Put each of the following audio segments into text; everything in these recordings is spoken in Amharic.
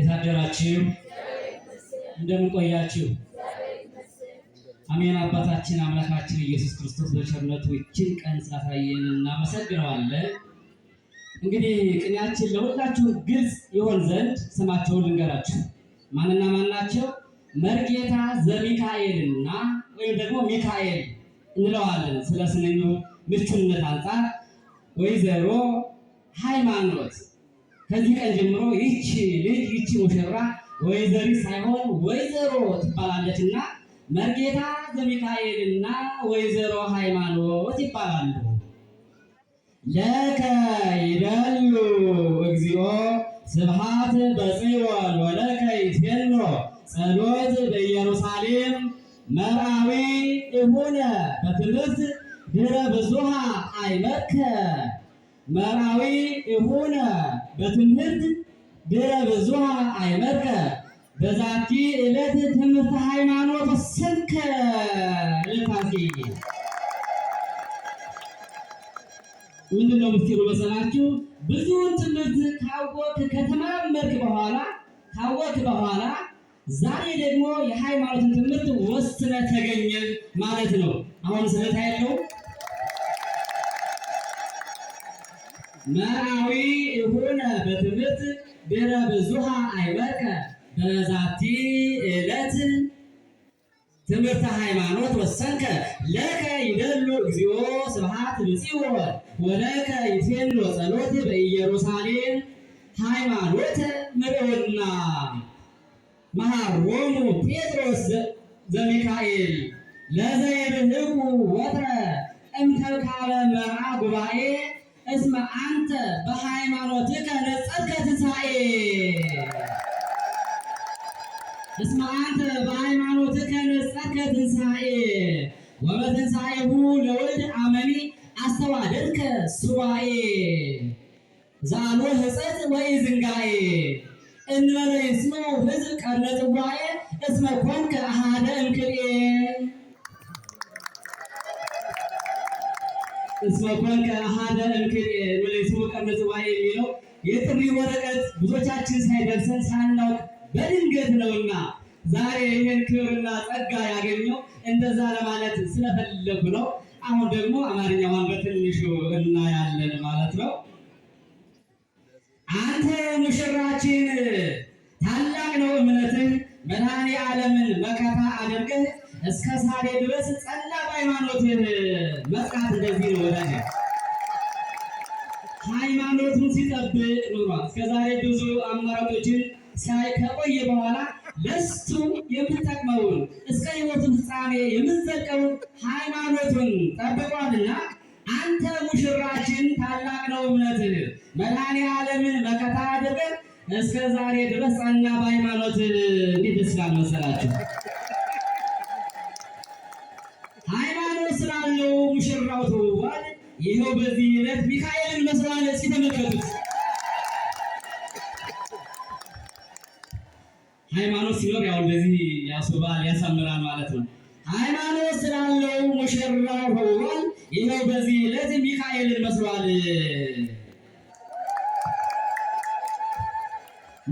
እንዴት አደራችሁ? እንደምን አሜን። አባታችን አምላካችን ኢየሱስ ክርስቶስ በቸርነቱ ይችን ቀን ስላሳየን እናመሰግነዋለን። እንግዲህ ቅኔያችን ለሁላችሁ ግልጽ ይሆን ዘንድ ስማቸውን ልንገራችሁ። ማንና ማን ናቸው? መርጌታ ዘሚካኤል ወይም ደግሞ ሚካኤል እንለዋለን ስለ ስንኙ ምቹነት አንጻር፣ ወይዘሮ ሃይማኖት ከዚህ ቀን ጀምሮ ይቺ ልጅ ይቺ ሙሽራ ወይዘሪ ሳይሆን ወይዘሮ ትባላለችና መርጌታ ዘሚካኤልና ወይዘሮ ሃይማኖት ይባላሉ። ለከ ይደሉ እግዚኦ ስብሐት በጽዮን ወለከ ይትገኖ ጸሎት በኢየሩሳሌም መርአዊ እሁነ በትምህርት ድረ ብዙሃ አይመከ መራዊ እሁነ በትምህርት ድረ ብዙሃ አይመርከ በዛቲ ዕለት ትምህርተ ሃይማኖት ስብከ ለታሴ ምንድነው ምስጢሩ መሰላችሁ? ብዙውን ትምህርት ካወቅ ከተመራመርክ በኋላ ካወቅ በኋላ ዛሬ ደግሞ የሃይማኖትን ትምህርት ወስነ ተገኘ ማለት ነው። አሁን ስለታየለው መርአዊ እሁነ በትምህርት ድረ ብዙሃ አይወርከ በዛቲ ዕለት ትምህርተ ሃይማኖት ወሰንከ ለከ ይደሉ እግዚኦ ስብሐት ብጽዮ ወለከ ይትሄሎ ጸሎት በኢየሩሳሌም ሃይማኖት ምርዑና መሃሮሙ ጴጥሮስ ዘሚካኤል ለዘይብህጉ ወትረ እምተካበ መርዓ ጉባኤ እስመ አንተ በሃይማኖትከ ነጸትከ ትንሣኤ እስመ አንተ በሃይማኖትከ ነጸትከ ትንሣኤ ወበትንሣኤሁ ለወልድ አመኒ አስተዋደድከ ሱባኤ ዛሎ ህፀት ወይ ዝንጋኤ እንበለ ይስሙ ህዝብ ቀርነ ጽዋኤ እስመ ኮንከ አሃደ እምክልኤ እስመ ኮንከ አሐደ እምክኔ ወለይስሙከ ምጽዋዕ የሚለው የጥሪ ወረቀት ብዙዎቻችን ሳይደርሰን ሳናውቅ በድንገት ነውና ዛሬ ይህን ክብርና ጸጋ ያገኘው እንደዛ ለማለት ስለፈለጉ ነው። አሁን ደግሞ አማርኛውን በትንሹ እናያለን ማለት ነው። አንተ ሙሽራችን ታላቅ ነው እምነትህ መድኃኔ ዓለምን መከታ አድርገህ እስከ ዛሬ ድረስ ጸላ በሃይማኖትህ ለዚህ ነው ወዳጅ ሃይማኖቱን ሲጠብቅ ኑሯል። እስከዛሬ ብዙ አማራጮችን ሳይ ከቆየ በኋላ ለሱ የምጠቅመውን እስከ ሕይወቱ ፍጻሜ የምትዘቀውን ሃይማኖቱን ጠብቋልና አንተ ሙሽራችን ታላቅ ነው እምነትህ መድኃኔ ዓለምን መከታ አድርገህ እስከ ዛሬ ድረስ ጸና በሃይማኖት። እንዴት ደስ ይላል መሰላችሁ! ስላለው ሙሽራው ተውቧል። ይኸው በዚህ ዕለት ሚካኤልን መሰላለስ የተመለከቱት ሃይማኖት ሲኖር ያው እንደዚህ ያስውባል ያሳምራል ማለት ነው። ሃይማኖት ስላለው ሙሽራው ተውቧል። ይኸው በዚህ ዕለት ሚካኤልን መስሏል።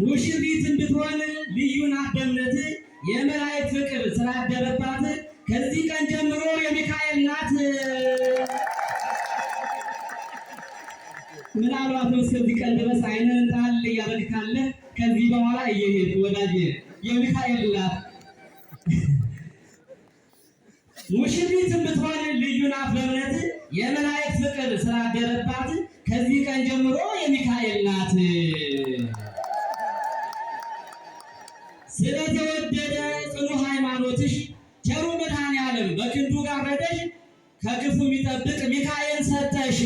ሙሽሪት እንድትሆን ልዩ ናት በእምነት የመላእክት ፍቅር ስላደረባት ከዚህ ቀን ጀምሮ የሚካኤል ናት ምናልባት ነው እስከዚህ ቀን ድረስ አይንን ጣል እያደረግ ከዚህ በኋላ እየሄድ ወዳጅ የሚካኤል ናት ሙሽሪት ብትሆን ልዩ ናት በእምነት የመላእክት ፍቅር ስላደረባት ከዚህ ቀን ጀምሮ የሚካ ከግንዱ ጋር ረደሽ፣ ከግፉ የሚጠብቅ ሚካኤል ሰጠሽ።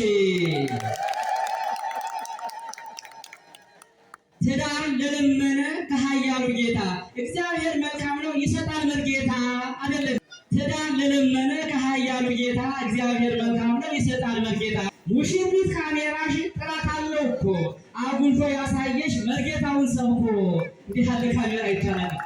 ትዳር ለለመነ ከሀያሉ ጌታ እግዚአብሔር መልካም ነው ይሰጣል መልጌታ አይደለም። ትዳር ለለመነ ከሀያሉ ጌታ እግዚአብሔር መልካም ነው ይሰጣል መልጌታ። ሙሽሪት ካሜራሽ ጥራት አለው እኮ አጉልቶ ያሳየሽ መልጌታውን ሰብኮ እንዲህ ያለ ካሜራ ይቻላል።